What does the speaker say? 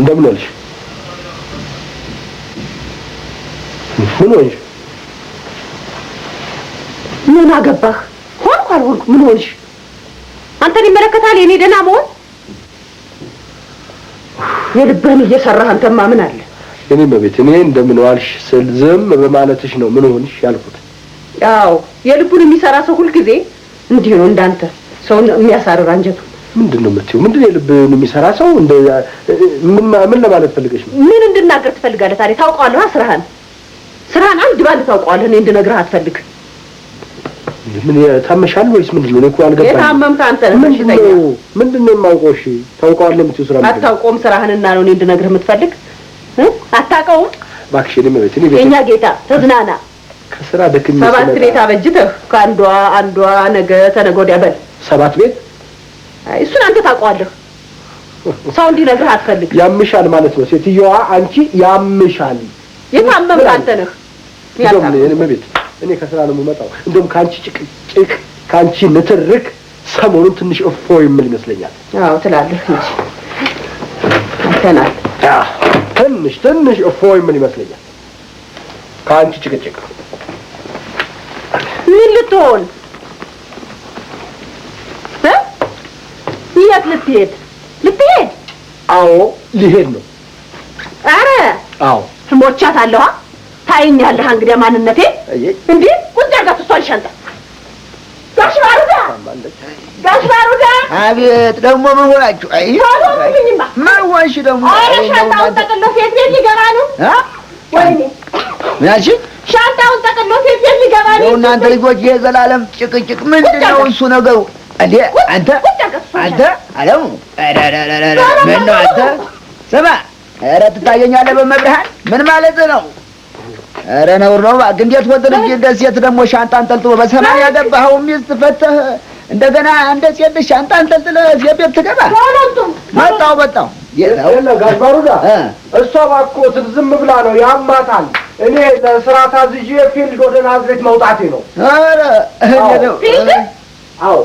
እንደምን ምን ሆንሽ? ምን አገባህ? ሆንኩ አልሆንኩ ምን ሆንሽ? አንተን ይመለከታል የኔ ደህና መሆን? የልብህን እየሰራህ አንተማ ምን አለ? እኔ በቤት እኔ እንደምን ዋልሽ ስል ዝም በማለትሽ ነው ምን ሆንሽ ያልኩት። ያው የልቡን የሚሰራ ሰው ሁልጊዜ እንዲህ ነው እንዳንተ ሰውን የሚያሳርር አንጀቱ ምንድን ነው የምትይው? ምንድን ነው የልብህን የሚሰራ ሰው እንደ ምን ለማለት ፈልገሽ ነው? ምን እንድናገር ትፈልጋለህ ታዲያ? ታውቀዋለህ፣ ስራህን ስራህን አንድ ባል ታውቀዋለህ። እኔ እንድነግርህ አትፈልግ። ምን ታመሻል ወይስ ምንድን ነው? እኔ እኮ አልገባኝም። የታመምከው አንተ ነህ። ምንድን ነው የማውቀው? እሺ፣ ታውቀዋለህ የምትይው ስራ ነው? አታውቀውም። ስራህንና ነው እኔ እንድነግርህ የምትፈልግ? አታውቀውም። እባክሽ እኔ መቤት እኔ ቤት የእኛ ጌታ ተዝናና። ከስራ ደክሜ ሰባት ቤት አበጅተህ ከአንዷ አንዷ ነገ ተነገ ወዲያ በል ሰባት ቤት እሱን አንተ ታውቀዋለህ። ሰው እንዲነግርህ አትፈልግ። ያምሻል ማለት ነው ሴትዮዋ። አንቺ ያምሻል። የታመምክ አንተ ነህ። ቤት እኔ ከስራ ነው የምመጣው። እንደውም ከአንቺ ጭቅጭቅ፣ ከአንቺ ንትርክ ሰሞኑን ትንሽ እፎ የምል ይመስለኛል። አዎ ትላለህ እንጂ አንተናል። ትንሽ ትንሽ እፎ የምል ይመስለኛል ከአንቺ ጭቅጭቅ። ምን ልትሆን የት ልትሄድ ልትሄድ? አዎ ልሄድ ነው። አረ አዎ ስሞቻታለሁ። ታይኛለህ ማንነቴ። እንዴ ቁጭ አድርጋት እሷን ሻንጣ ጋሽ ባሩዳ ጋሽ ባሩዳ። አቤት ደግሞ ምን ሆናችሁ? አይ ምን ወንሽ ደግሞ? አረ ሻንጣውን ጠቅሎ ሴት ቤት ሊገባ ነው። ወይኔ ምን አልሽኝ? ሻንጣውን ጠቅሎ ሴት ቤት ሊገባ ነው። እናንተ ልጆች የዘላለም ጭቅጭቅ ምንድን ነው እሱ ነገሩ? እንዴ አንተ አንተ አለሙ ምን ነው አንተ ስማ፣ ኧረ ትታየኛለህ በመብርሃን ምን ማለት ነው? ኧረ ነውር ነው እባክህ። እንዴት ወንድ ልጅ እንደ ሴት ደግሞ ሻንጣ አንጠልጥሎ በሰማይ ያገባኸው ሚስት ፈተህ እንደገና እንደ ሴት ልጅ ሻንጣ አንጠልጥለህ ሴት ቤት ትገባ? መጣሁ መጣሁ። ጋባሩዳ እሷ እባክህ ዝም ብላ ነው ያማታል። እኔ ለስራ ታዝዤ ፊልድ ወደ ናዝሬት መውጣቴ ነው። ኧረ አዎ